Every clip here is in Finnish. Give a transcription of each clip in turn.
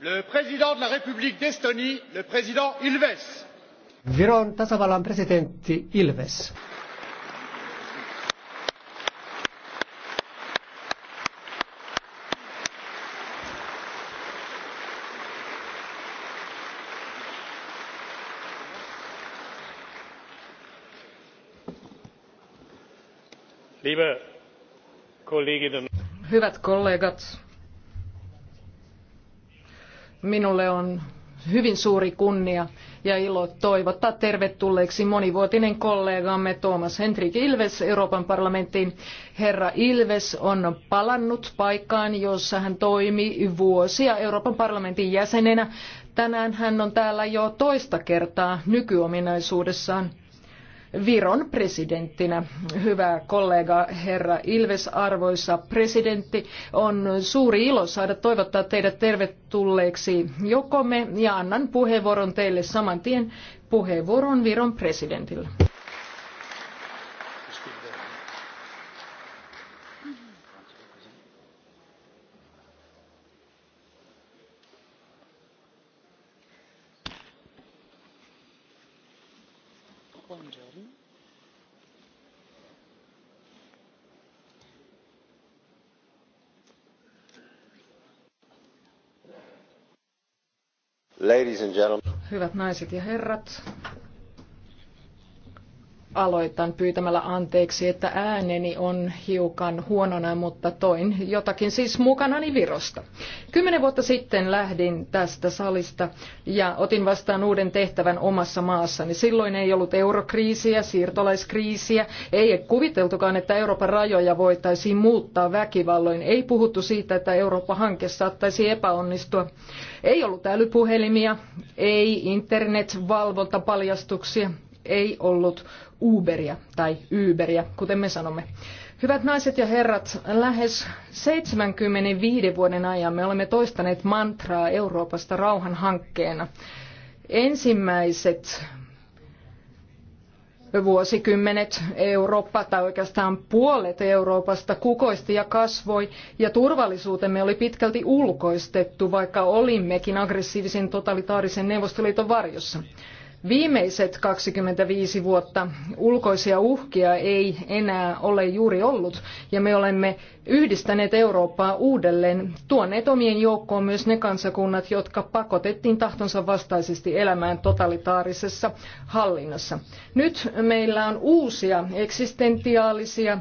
Le président de la République d'Estonie, le président Ilves. Viron tasavallan presidentti Ilves. Hyvät kollegat, Minulle on hyvin suuri kunnia ja ilo toivottaa tervetulleeksi monivuotinen kollegamme Thomas Henrik Ilves Euroopan parlamenttiin. Herra Ilves on palannut paikkaan, jossa hän toimi vuosia Euroopan parlamentin jäsenenä. Tänään hän on täällä jo toista kertaa nykyominaisuudessaan. Viron presidenttinä. Hyvä kollega herra Ilves, arvoisa presidentti, on suuri ilo saada toivottaa teidät tervetulleeksi jokomme ja annan puheenvuoron teille saman tien puheenvuoron Viron presidentille. Hyvät naiset ja herrat, aloitan pyytämällä anteeksi, että ääneni on hiukan huonona, mutta toin jotakin siis mukanani Virosta. Kymmenen vuotta sitten lähdin tästä salista ja otin vastaan uuden tehtävän omassa maassani. Silloin ei ollut eurokriisiä, siirtolaiskriisiä, ei kuviteltukaan, että Euroopan rajoja voitaisiin muuttaa väkivalloin. Ei puhuttu siitä, että Eurooppa-hanke saattaisi epäonnistua. Ei ollut älypuhelimia, ei internetvalvontapaljastuksia ei ollut Uberia tai Uberia, kuten me sanomme. Hyvät naiset ja herrat, lähes 75 vuoden ajan me olemme toistaneet mantraa Euroopasta rauhan hankkeena. Ensimmäiset vuosikymmenet Eurooppa tai oikeastaan puolet Euroopasta kukoisti ja kasvoi ja turvallisuutemme oli pitkälti ulkoistettu, vaikka olimmekin aggressiivisen totalitaarisen neuvostoliiton varjossa. Viimeiset 25 vuotta ulkoisia uhkia ei enää ole juuri ollut ja me olemme yhdistäneet Eurooppaa uudelleen, tuoneet omien joukkoon myös ne kansakunnat, jotka pakotettiin tahtonsa vastaisesti elämään totalitaarisessa hallinnossa. Nyt meillä on uusia eksistentiaalisia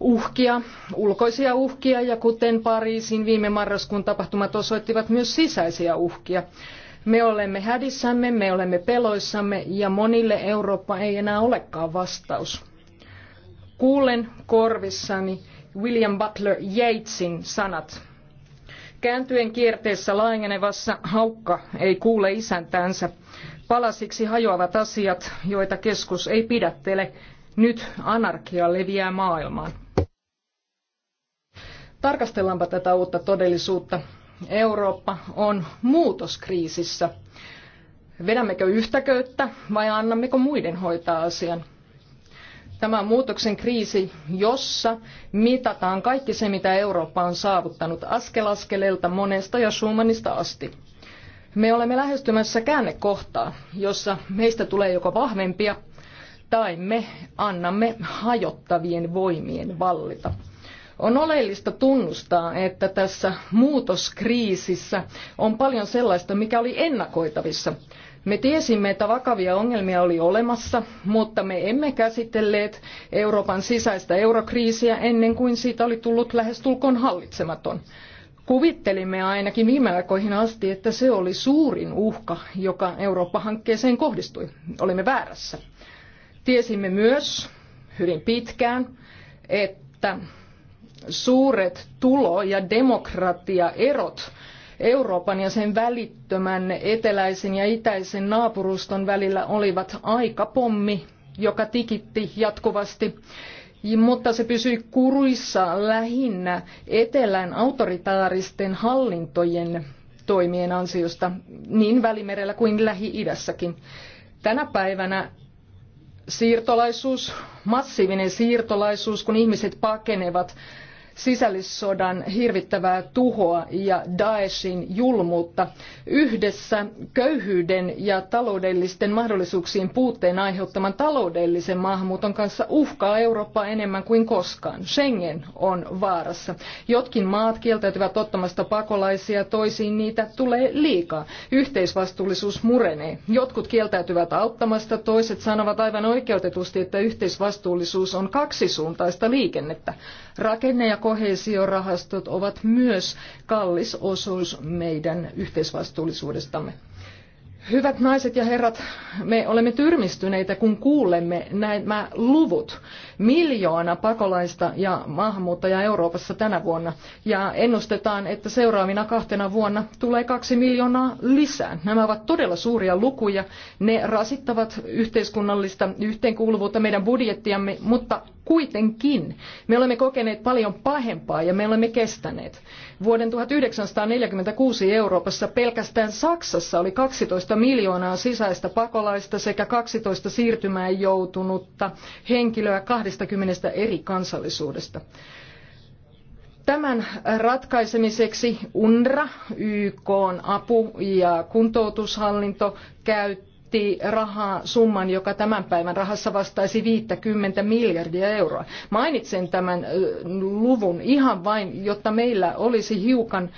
uhkia, ulkoisia uhkia ja kuten Pariisin viime marraskuun tapahtumat osoittivat myös sisäisiä uhkia. Me olemme hädissämme, me olemme peloissamme ja monille Eurooppa ei enää olekaan vastaus. Kuulen korvissani William Butler Yeatsin sanat. Kääntyen kierteessä laajenevassa haukka ei kuule isäntäänsä. Palasiksi hajoavat asiat, joita keskus ei pidättele. Nyt anarkia leviää maailmaan. Tarkastellaanpa tätä uutta todellisuutta. Eurooppa on muutoskriisissä. Vedämmekö yhtäköyttä vai annammeko muiden hoitaa asian? Tämä on muutoksen kriisi, jossa mitataan kaikki se, mitä Eurooppa on saavuttanut askel askeleelta monesta ja Schumannista asti. Me olemme lähestymässä käännekohtaa, jossa meistä tulee joko vahvempia tai me annamme hajottavien voimien vallita. On oleellista tunnustaa, että tässä muutoskriisissä on paljon sellaista, mikä oli ennakoitavissa. Me tiesimme, että vakavia ongelmia oli olemassa, mutta me emme käsitelleet Euroopan sisäistä eurokriisiä ennen kuin siitä oli tullut lähestulkoon hallitsematon. Kuvittelimme ainakin viime aikoihin asti, että se oli suurin uhka, joka Eurooppa-hankkeeseen kohdistui. Olimme väärässä. Tiesimme myös hyvin pitkään, että suuret tulo- ja demokratiaerot Euroopan ja sen välittömän eteläisen ja itäisen naapuruston välillä olivat aikapommi, joka tikitti jatkuvasti mutta se pysyi kuruissa lähinnä etelän autoritaaristen hallintojen toimien ansiosta niin Välimerellä kuin Lähi-idässäkin. Tänä päivänä siirtolaisuus, massiivinen siirtolaisuus, kun ihmiset pakenevat sisällissodan hirvittävää tuhoa ja Daeshin julmuutta. Yhdessä köyhyyden ja taloudellisten mahdollisuuksien puutteen aiheuttaman taloudellisen maahanmuuton kanssa uhkaa Eurooppaa enemmän kuin koskaan. Schengen on vaarassa. Jotkin maat kieltäytyvät ottamasta pakolaisia, toisiin niitä tulee liikaa. Yhteisvastuullisuus murenee. Jotkut kieltäytyvät auttamasta, toiset sanovat aivan oikeutetusti, että yhteisvastuullisuus on kaksisuuntaista liikennettä. Rakenne ja Koheesiorahastot ovat myös kallis osuus meidän yhteisvastuullisuudestamme. Hyvät naiset ja herrat, me olemme tyrmistyneitä, kun kuulemme nämä luvut. Miljoona pakolaista ja maahanmuuttajaa Euroopassa tänä vuonna. Ja ennustetaan, että seuraavina kahtena vuonna tulee kaksi miljoonaa lisää. Nämä ovat todella suuria lukuja. Ne rasittavat yhteiskunnallista yhteenkuuluvuutta meidän budjettiamme, mutta Kuitenkin me olemme kokeneet paljon pahempaa ja me olemme kestäneet. Vuoden 1946 Euroopassa pelkästään Saksassa oli 12 miljoonaa sisäistä pakolaista sekä 12 siirtymään joutunutta henkilöä 20 eri kansallisuudesta. Tämän ratkaisemiseksi UNRA, YK apu- ja kuntoutushallinto käytti otti rahaa summan, joka tämän päivän rahassa vastaisi 50 miljardia euroa. Mainitsen tämän luvun ihan vain, jotta meillä olisi hiukan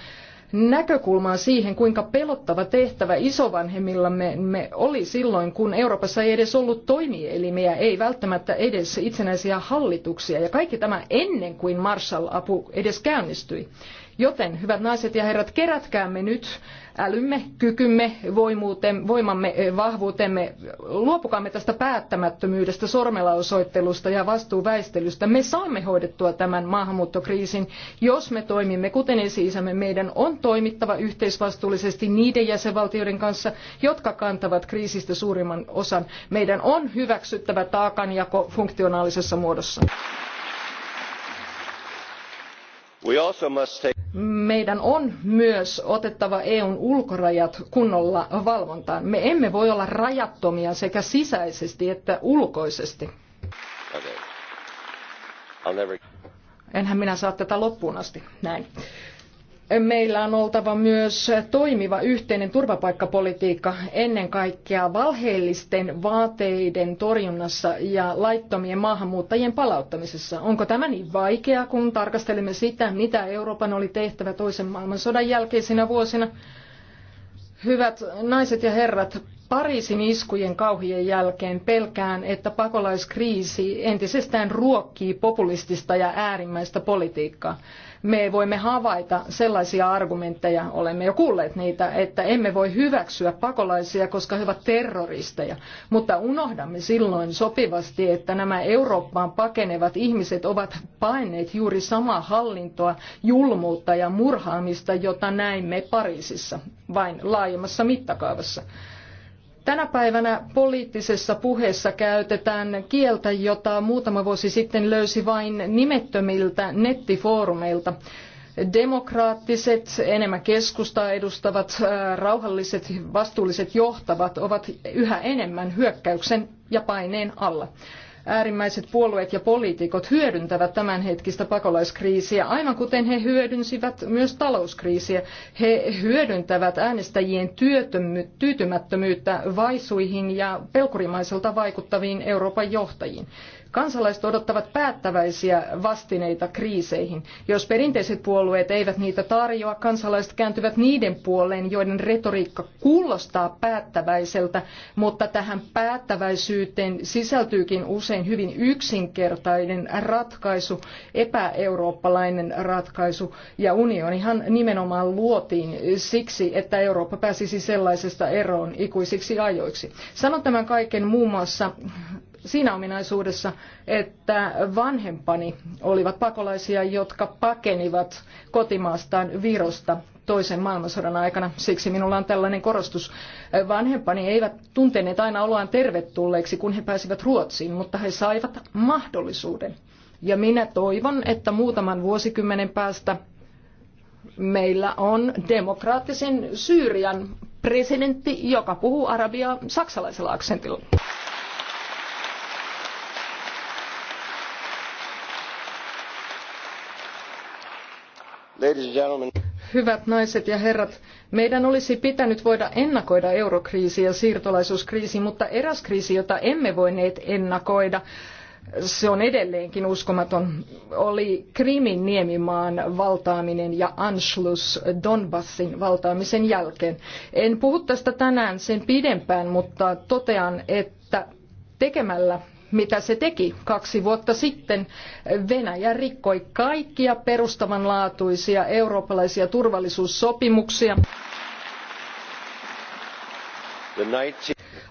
näkökulmaa siihen, kuinka pelottava tehtävä isovanhemmillamme me oli silloin, kun Euroopassa ei edes ollut toimielimiä, ei välttämättä edes itsenäisiä hallituksia. Ja kaikki tämä ennen kuin Marshall-apu edes käynnistyi. Joten, hyvät naiset ja herrat, kerätkäämme nyt älymme, kykymme, voimamme, vahvuutemme. Luopukaamme tästä päättämättömyydestä, sormella osoittelusta ja vastuuväistelystä. Me saamme hoidettua tämän maahanmuuttokriisin, jos me toimimme kuten esi-isämme. Meidän on toimittava yhteisvastuullisesti niiden jäsenvaltioiden kanssa, jotka kantavat kriisistä suurimman osan. Meidän on hyväksyttävä taakanjako funktionaalisessa muodossa. Meidän on myös otettava EUn ulkorajat kunnolla valvontaan. Me emme voi olla rajattomia sekä sisäisesti että ulkoisesti. Enhän minä saa tätä loppuun asti. Näin meillä on oltava myös toimiva yhteinen turvapaikkapolitiikka ennen kaikkea valheellisten vaateiden torjunnassa ja laittomien maahanmuuttajien palauttamisessa. Onko tämä niin vaikeaa, kun tarkastelemme sitä, mitä Euroopan oli tehtävä toisen maailmansodan jälkeisinä vuosina? Hyvät naiset ja herrat, Pariisin iskujen kauhien jälkeen pelkään, että pakolaiskriisi entisestään ruokkii populistista ja äärimmäistä politiikkaa. Me voimme havaita sellaisia argumentteja, olemme jo kuulleet niitä, että emme voi hyväksyä pakolaisia, koska he ovat terroristeja. Mutta unohdamme silloin sopivasti, että nämä Eurooppaan pakenevat ihmiset ovat paineet juuri samaa hallintoa, julmuutta ja murhaamista, jota näimme Pariisissa, vain laajemmassa mittakaavassa. Tänä päivänä poliittisessa puheessa käytetään kieltä, jota muutama vuosi sitten löysi vain nimettömiltä nettifoorumeilta demokraattiset, enemmän keskustaa edustavat, äh, rauhalliset, vastuulliset johtavat ovat yhä enemmän hyökkäyksen ja paineen alla äärimmäiset puolueet ja poliitikot hyödyntävät tämänhetkistä pakolaiskriisiä, aivan kuten he hyödynsivät myös talouskriisiä. He hyödyntävät äänestäjien tyytymättömyyttä vaisuihin ja pelkurimaiselta vaikuttaviin Euroopan johtajiin. Kansalaiset odottavat päättäväisiä vastineita kriiseihin. Jos perinteiset puolueet eivät niitä tarjoa, kansalaiset kääntyvät niiden puoleen, joiden retoriikka kuulostaa päättäväiseltä, mutta tähän päättäväisyyteen sisältyykin usein hyvin yksinkertainen ratkaisu, epäeurooppalainen ratkaisu. Ja unionihan nimenomaan luotiin siksi, että Eurooppa pääsisi sellaisesta eroon ikuisiksi ajoiksi. Sanon tämän kaiken muun muassa siinä ominaisuudessa, että vanhempani olivat pakolaisia, jotka pakenivat kotimaastaan Virosta toisen maailmansodan aikana. Siksi minulla on tällainen korostus. Vanhempani eivät tunteneet aina oloaan tervetulleeksi, kun he pääsivät Ruotsiin, mutta he saivat mahdollisuuden. Ja minä toivon, että muutaman vuosikymmenen päästä meillä on demokraattisen Syyrian presidentti, joka puhuu arabiaa saksalaisella aksentilla. Hyvät naiset ja herrat, meidän olisi pitänyt voida ennakoida eurokriisi ja siirtolaisuuskriisi, mutta eräs kriisi, jota emme voineet ennakoida, se on edelleenkin uskomaton, oli Krimin niemimaan valtaaminen ja Anschluss Donbassin valtaamisen jälkeen. En puhu tästä tänään sen pidempään, mutta totean, että tekemällä mitä se teki kaksi vuotta sitten. Venäjä rikkoi kaikkia perustavanlaatuisia eurooppalaisia turvallisuussopimuksia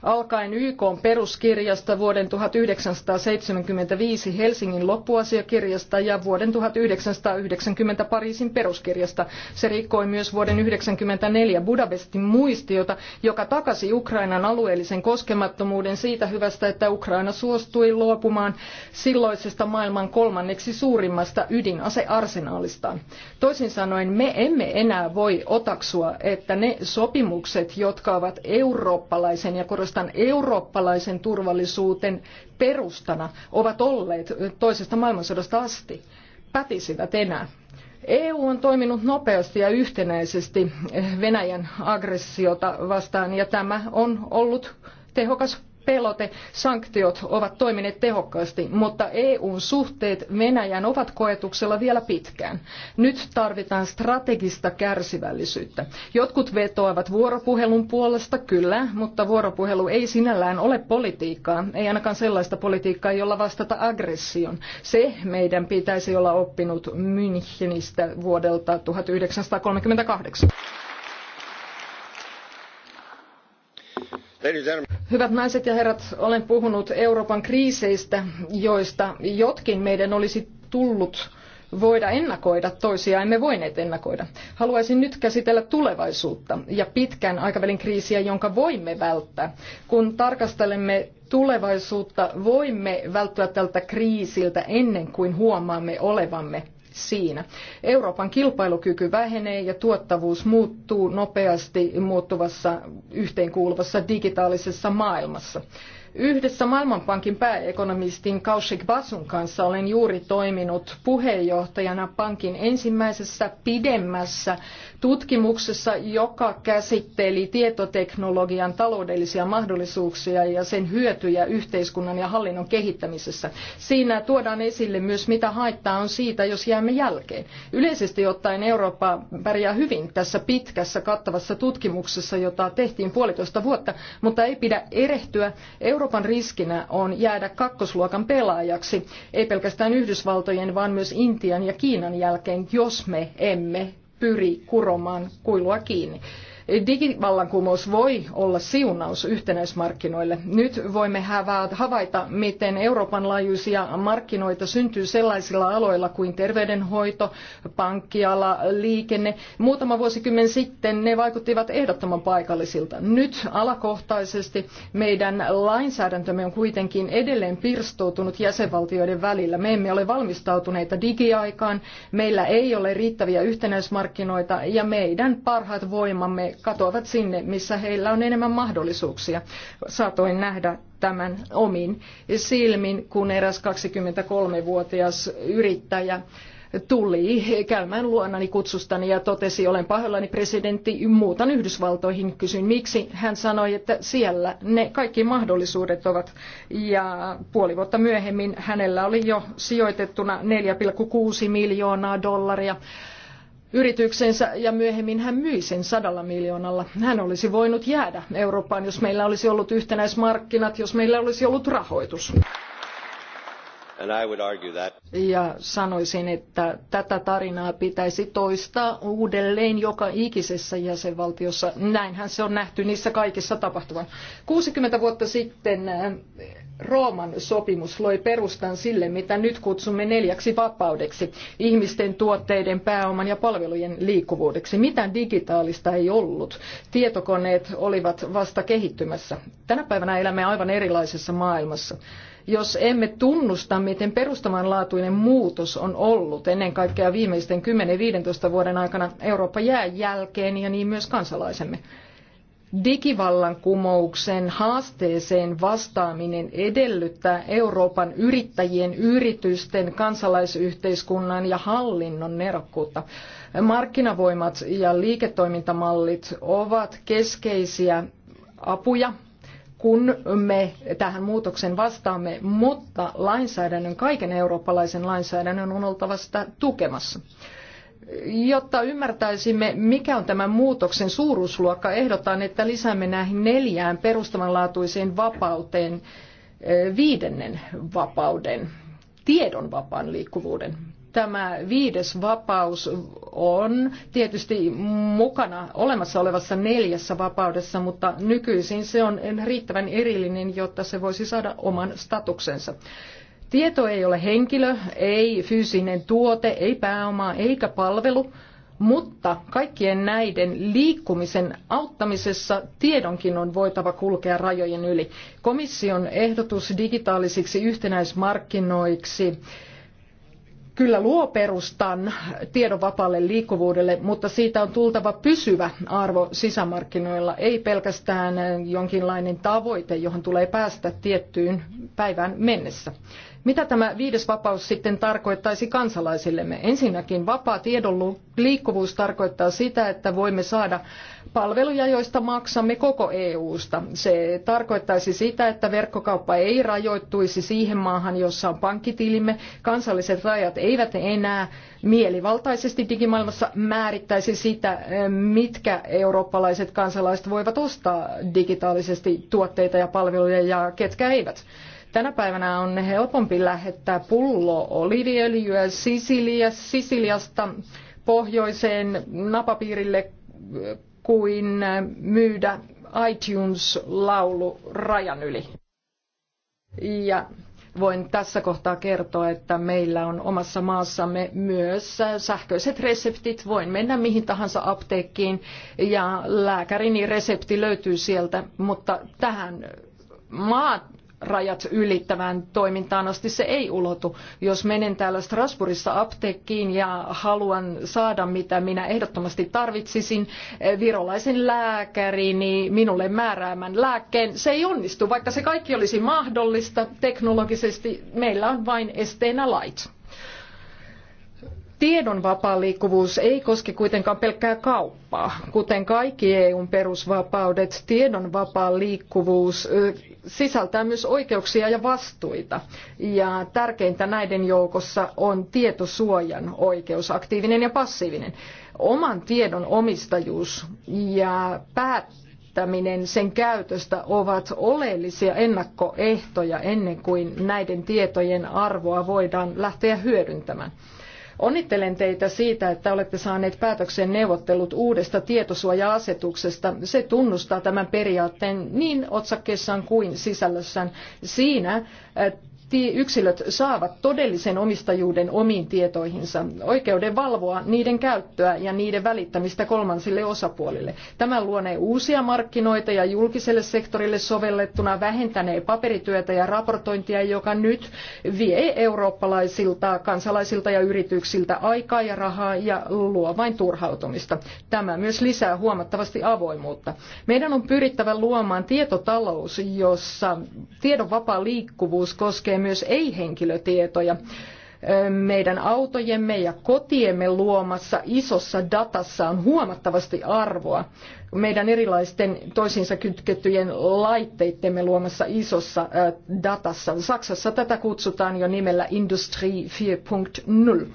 alkaen YK peruskirjasta vuoden 1975 Helsingin loppuasiakirjasta ja vuoden 1990 Pariisin peruskirjasta. Se rikkoi myös vuoden 1994 Budapestin muistiota, joka takasi Ukrainan alueellisen koskemattomuuden siitä hyvästä, että Ukraina suostui luopumaan silloisesta maailman kolmanneksi suurimmasta ydinasearsenaalistaan. Toisin sanoen me emme enää voi otaksua, että ne sopimukset, jotka ovat eurooppalaisen ja puolestaan eurooppalaisen turvallisuuden perustana ovat olleet toisesta maailmansodasta asti, pätisivät enää. EU on toiminut nopeasti ja yhtenäisesti Venäjän aggressiota vastaan ja tämä on ollut tehokas pelote, sanktiot ovat toimineet tehokkaasti, mutta EUn suhteet Venäjään ovat koetuksella vielä pitkään. Nyt tarvitaan strategista kärsivällisyyttä. Jotkut vetoavat vuoropuhelun puolesta, kyllä, mutta vuoropuhelu ei sinällään ole politiikkaa, ei ainakaan sellaista politiikkaa, jolla vastata aggression. Se meidän pitäisi olla oppinut Münchenistä vuodelta 1938. Hyvät naiset ja herrat, olen puhunut Euroopan kriiseistä, joista jotkin meidän olisi tullut voida ennakoida, toisia emme voineet ennakoida. Haluaisin nyt käsitellä tulevaisuutta ja pitkän aikavälin kriisiä, jonka voimme välttää. Kun tarkastelemme tulevaisuutta, voimme välttyä tältä kriisiltä ennen kuin huomaamme olevamme siinä. Euroopan kilpailukyky vähenee ja tuottavuus muuttuu nopeasti muuttuvassa yhteenkuuluvassa digitaalisessa maailmassa. Yhdessä Maailmanpankin pääekonomistin Kaushik Basun kanssa olen juuri toiminut puheenjohtajana pankin ensimmäisessä pidemmässä tutkimuksessa, joka käsitteli tietoteknologian taloudellisia mahdollisuuksia ja sen hyötyjä yhteiskunnan ja hallinnon kehittämisessä. Siinä tuodaan esille myös, mitä haittaa on siitä, jos jäämme jälkeen. Yleisesti ottaen Eurooppa pärjää hyvin tässä pitkässä kattavassa tutkimuksessa, jota tehtiin puolitoista vuotta, mutta ei pidä erehtyä. Euro- Euroopan riskinä on jäädä kakkosluokan pelaajaksi, ei pelkästään Yhdysvaltojen, vaan myös Intian ja Kiinan jälkeen, jos me emme pyri kuromaan kuilua kiinni. Digivallankumous voi olla siunaus yhtenäismarkkinoille. Nyt voimme havaita, miten Euroopan laajuisia markkinoita syntyy sellaisilla aloilla kuin terveydenhoito, pankkiala, liikenne. Muutama vuosikymmen sitten ne vaikuttivat ehdottoman paikallisilta. Nyt alakohtaisesti meidän lainsäädäntömme on kuitenkin edelleen pirstoutunut jäsenvaltioiden välillä. Me emme ole valmistautuneita digiaikaan, meillä ei ole riittäviä yhtenäismarkkinoita ja meidän parhaat voimamme katoavat sinne, missä heillä on enemmän mahdollisuuksia. Saatoin nähdä tämän omin silmin, kun eräs 23-vuotias yrittäjä tuli käymään luonani kutsustani ja totesi, olen pahoillani presidentti, muutan Yhdysvaltoihin. Kysyin miksi. Hän sanoi, että siellä ne kaikki mahdollisuudet ovat. Ja puoli vuotta myöhemmin hänellä oli jo sijoitettuna 4,6 miljoonaa dollaria yrityksensä ja myöhemmin hän myi sen sadalla miljoonalla. Hän olisi voinut jäädä Eurooppaan, jos meillä olisi ollut yhtenäismarkkinat, jos meillä olisi ollut rahoitus. Ja sanoisin, että tätä tarinaa pitäisi toistaa uudelleen joka ikisessä jäsenvaltiossa. Näinhän se on nähty niissä kaikissa tapahtuvan. 60 vuotta sitten Rooman sopimus loi perustan sille, mitä nyt kutsumme neljäksi vapaudeksi, ihmisten, tuotteiden, pääoman ja palvelujen liikkuvuudeksi. Mitään digitaalista ei ollut. Tietokoneet olivat vasta kehittymässä. Tänä päivänä elämme aivan erilaisessa maailmassa jos emme tunnusta, miten perustavanlaatuinen muutos on ollut ennen kaikkea viimeisten 10-15 vuoden aikana, Eurooppa jää jälkeen ja niin myös kansalaisemme. Digivallankumouksen haasteeseen vastaaminen edellyttää Euroopan yrittäjien, yritysten, kansalaisyhteiskunnan ja hallinnon nerokkuutta. Markkinavoimat ja liiketoimintamallit ovat keskeisiä apuja kun me tähän muutokseen vastaamme, mutta lainsäädännön, kaiken eurooppalaisen lainsäädännön on oltava sitä tukemassa. Jotta ymmärtäisimme, mikä on tämän muutoksen suuruusluokka, ehdotan, että lisäämme näihin neljään perustavanlaatuiseen vapauteen eh, viidennen vapauden, tiedon vapaan liikkuvuuden. Tämä viides vapaus on tietysti mukana olemassa olevassa neljässä vapaudessa, mutta nykyisin se on riittävän erillinen, jotta se voisi saada oman statuksensa. Tieto ei ole henkilö, ei fyysinen tuote, ei pääoma eikä palvelu, mutta kaikkien näiden liikkumisen auttamisessa tiedonkin on voitava kulkea rajojen yli. Komission ehdotus digitaalisiksi yhtenäismarkkinoiksi kyllä luo perustan tiedon vapaalle liikkuvuudelle, mutta siitä on tultava pysyvä arvo sisämarkkinoilla, ei pelkästään jonkinlainen tavoite, johon tulee päästä tiettyyn päivään mennessä. Mitä tämä viides vapaus sitten tarkoittaisi kansalaisillemme? Ensinnäkin vapaa tiedon liikkuvuus tarkoittaa sitä, että voimme saada palveluja, joista maksamme koko EU-sta. Se tarkoittaisi sitä, että verkkokauppa ei rajoittuisi siihen maahan, jossa on pankkitilimme. Kansalliset rajat eivät enää mielivaltaisesti digimaailmassa määrittäisi sitä, eh, mitkä eurooppalaiset kansalaiset voivat ostaa digitaalisesti tuotteita ja palveluja ja ketkä eivät. Tänä päivänä on helpompi lähettää pullo oliiviöljyä Sisilia, Sisiliasta pohjoiseen napapiirille kuin myydä iTunes-laulu rajan yli. Ja voin tässä kohtaa kertoa, että meillä on omassa maassamme myös sähköiset reseptit. Voin mennä mihin tahansa apteekkiin ja lääkärini resepti löytyy sieltä, mutta tähän maa, rajat ylittävään toimintaan asti se ei ulotu. Jos menen täällä Strasbourgissa apteekkiin ja haluan saada mitä minä ehdottomasti tarvitsisin eh, virolaisen lääkärini niin minulle määräämän lääkkeen, se ei onnistu, vaikka se kaikki olisi mahdollista teknologisesti. Meillä on vain esteenä lait. Tiedon vapaa liikkuvuus ei koske kuitenkaan pelkkää kauppaa. Kuten kaikki EUn perusvapaudet, tiedon vapaa liikkuvuus eh, sisältää myös oikeuksia ja vastuita. Ja tärkeintä näiden joukossa on tietosuojan oikeus, aktiivinen ja passiivinen. Oman tiedon omistajuus ja päättäminen sen käytöstä ovat oleellisia ennakkoehtoja ennen kuin näiden tietojen arvoa voidaan lähteä hyödyntämään. Onnittelen teitä siitä, että olette saaneet päätöksen neuvottelut uudesta tietosuoja-asetuksesta. Se tunnustaa tämän periaatteen niin otsakkeessaan kuin sisällössään. Siinä yksilöt saavat todellisen omistajuuden omiin tietoihinsa, oikeuden valvoa niiden käyttöä ja niiden välittämistä kolmansille osapuolille. Tämä luonee uusia markkinoita ja julkiselle sektorille sovellettuna vähentänee paperityötä ja raportointia, joka nyt vie eurooppalaisilta kansalaisilta ja yrityksiltä aikaa ja rahaa ja luo vain turhautumista. Tämä myös lisää huomattavasti avoimuutta. Meidän on pyrittävä luomaan tietotalous, jossa tiedon vapaa liikkuvuus koskee koskee myös ei-henkilötietoja meidän autojemme ja kotiemme luomassa isossa datassa on huomattavasti arvoa. Meidän erilaisten toisiinsa kytkettyjen laitteittemme luomassa isossa datassa. Saksassa tätä kutsutaan jo nimellä Industrie 4.0.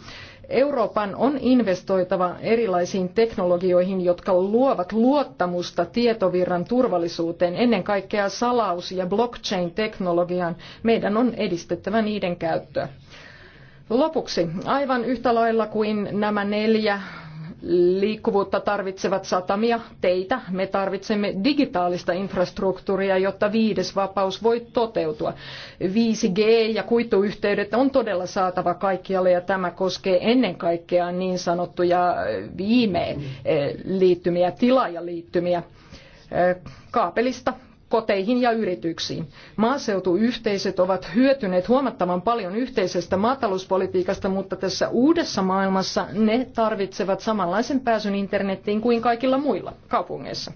Euroopan on investoitava erilaisiin teknologioihin, jotka luovat luottamusta tietovirran turvallisuuteen, ennen kaikkea salaus- ja blockchain-teknologiaan. Meidän on edistettävä niiden käyttöä. Lopuksi, aivan yhtä lailla kuin nämä neljä liikkuvuutta tarvitsevat satamia, teitä. Me tarvitsemme digitaalista infrastruktuuria, jotta viides vapaus voi toteutua. 5G ja kuituyhteydet on todella saatava kaikkialle ja tämä koskee ennen kaikkea niin sanottuja äh, viime äh, liittymiä, tilaajaliittymiä äh, kaapelista koteihin ja yrityksiin. Maaseutuyhteisöt ovat hyötyneet huomattavan paljon yhteisestä maatalouspolitiikasta, mutta tässä uudessa maailmassa ne tarvitsevat samanlaisen pääsyn internettiin kuin kaikilla muilla kaupungeissa.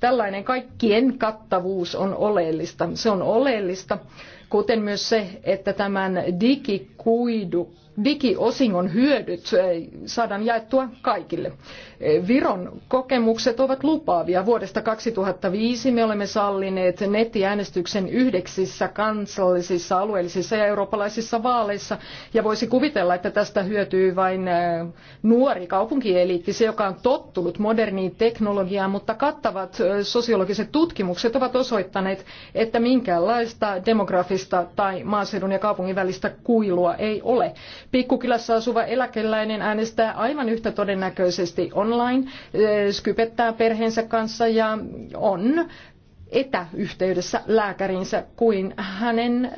Tällainen kaikkien kattavuus on oleellista. Se on oleellista, kuten myös se, että tämän digikuidun digiosingon hyödyt eh, saadaan jaettua kaikille. Eh, Viron kokemukset ovat lupaavia. Vuodesta 2005 me olemme sallineet nettiäänestyksen yhdeksissä kansallisissa, alueellisissa ja eurooppalaisissa vaaleissa. Ja voisi kuvitella, että tästä hyötyy vain eh, nuori kaupunkieliitti, se joka on tottunut moderniin teknologiaan, mutta kattavat sosiologiset tutkimukset ovat osoittaneet, että minkäänlaista demografista tai maaseudun ja kaupungin välistä kuilua ei ole. Pikkukilassa asuva eläkeläinen äänestää aivan yhtä todennäköisesti online, eh, skypettää perheensä kanssa ja on etäyhteydessä lääkärinsä kuin hänen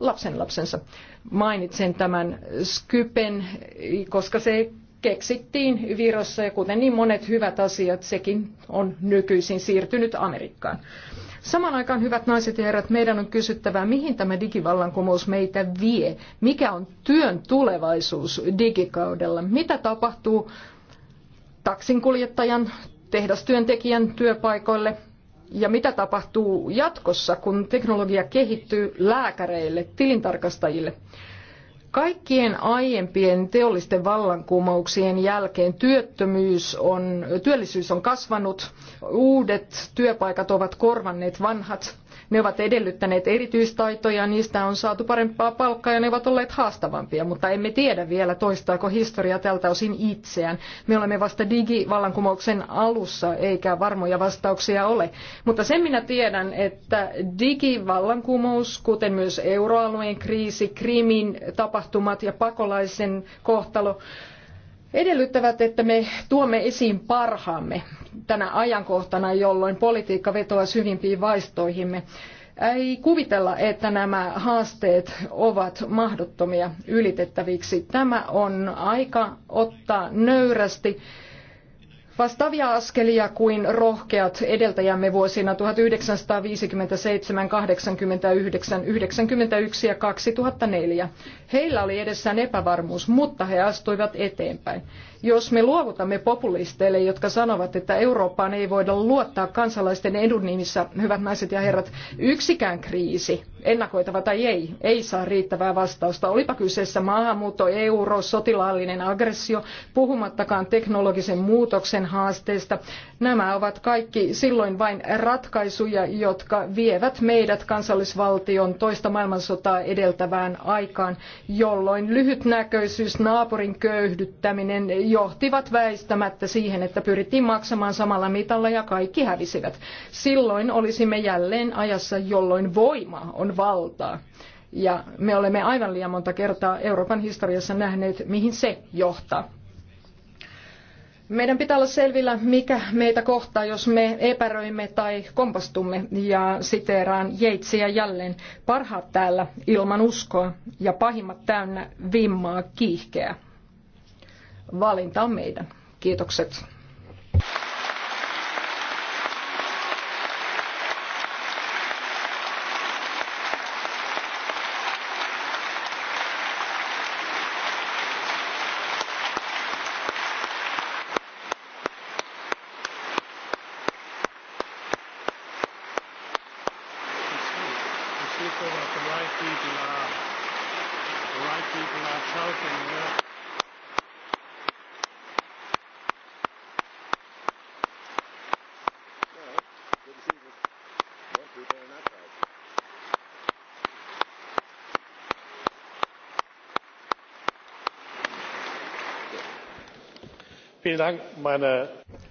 lapsenlapsensa. Mainitsen tämän Skypen, koska se keksittiin Virossa ja kuten niin monet hyvät asiat, sekin on nykyisin siirtynyt Amerikkaan. Samaan aikaan, hyvät naiset ja herrat, meidän on kysyttävä, mihin tämä digivallankumous meitä vie. Mikä on työn tulevaisuus digikaudella? Mitä tapahtuu taksinkuljettajan, tehdastyöntekijän työpaikoille? Ja mitä tapahtuu jatkossa, kun teknologia kehittyy lääkäreille, tilintarkastajille? Kaikkien aiempien teollisten vallankumouksien jälkeen työttömyys on, työllisyys on kasvanut, uudet työpaikat ovat korvanneet vanhat, ne ovat edellyttäneet erityistaitoja, niistä on saatu parempaa palkkaa ja ne ovat olleet haastavampia, mutta emme tiedä vielä toistaako historia tältä osin itseään. Me olemme vasta digivallankumouksen alussa eikä varmoja vastauksia ole. Mutta sen minä tiedän, että digivallankumous, kuten myös euroalueen kriisi, Krimin tapahtumat ja pakolaisen kohtalo, edellyttävät, että me tuomme esiin parhaamme tänä ajankohtana, jolloin politiikka vetoaa syvimpiin vaistoihimme. Ei kuvitella, että nämä haasteet ovat mahdottomia ylitettäviksi. Tämä on aika ottaa nöyrästi Vastaavia askelia kuin rohkeat edeltäjämme vuosina 1957, 89, 91 ja 2004. Heillä oli edessään epävarmuus, mutta he astuivat eteenpäin. Jos me luovutamme populisteille, jotka sanovat, että Eurooppaan ei voida luottaa kansalaisten edun nimissä, hyvät naiset ja herrat, yksikään kriisi, ennakoitava tai ei, ei saa riittävää vastausta. Olipa kyseessä maahanmuutto, euro, sotilaallinen aggressio, puhumattakaan teknologisen muutoksen haasteista. Nämä ovat kaikki silloin vain ratkaisuja, jotka vievät meidät kansallisvaltion toista maailmansotaa edeltävään aikaan, jolloin lyhytnäköisyys, naapurin köyhdyttäminen, johtivat väistämättä siihen, että pyrittiin maksamaan samalla mitalla ja kaikki hävisivät. Silloin olisimme jälleen ajassa, jolloin voima on valtaa. Ja me olemme aivan liian monta kertaa Euroopan historiassa nähneet, mihin se johtaa. Meidän pitää olla selvillä, mikä meitä kohtaa, jos me epäröimme tai kompastumme. Ja siteeraan Jeitsiä jälleen. Parhaat täällä ilman uskoa ja pahimmat täynnä vimmaa kiihkeä. Valinta on meidän. Kiitokset.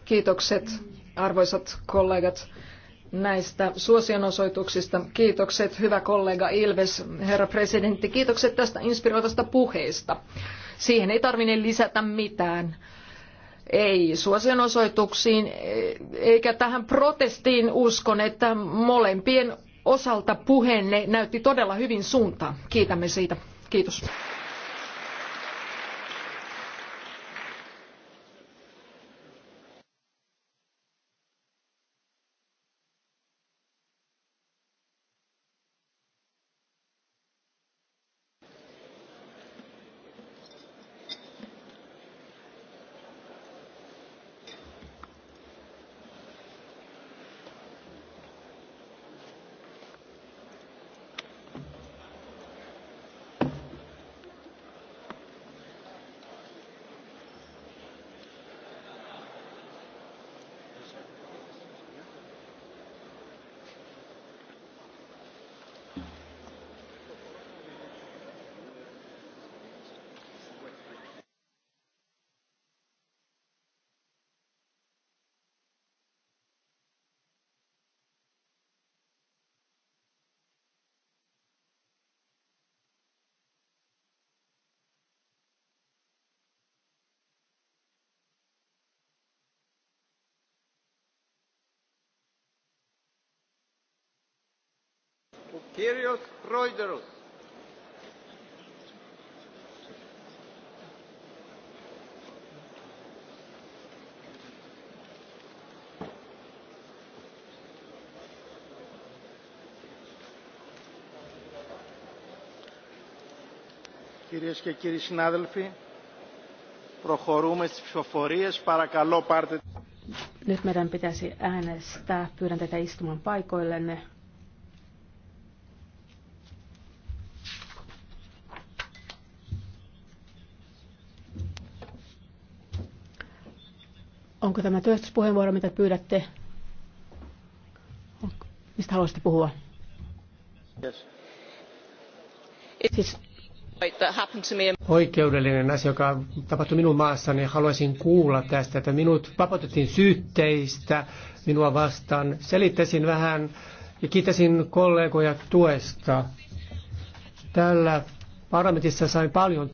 Kiitokset arvoisat kollegat näistä suosionosoituksista. Kiitokset hyvä kollega Ilves, herra presidentti. Kiitokset tästä inspiroivasta puheesta. Siihen ei tarvinne lisätä mitään. Ei suosionosoituksiin eikä tähän protestiin uskon, että molempien osalta puheenne näytti todella hyvin suuntaa. Kiitämme siitä. Kiitos. Kyrios Roiderus. Κυρίες και κύριοι συνάδελφοι, προχωρούμε στις ψηφοφορίες. Παρακαλώ πάρτε... Nyt meidän pitäisi äänestää. Pyydän teitä istumaan paikoillenne. Onko tämä työstyspuheenvuoro, mitä pyydätte? Mistä haluaisitte puhua? Yes. Siis oikeudellinen asia, joka tapahtui minun maassani. Haluaisin kuulla tästä, että minut vapautettiin syytteistä minua vastaan. Selittäisin vähän ja kiitäisin kollegoja tuesta. Tällä parlamentissa sain paljon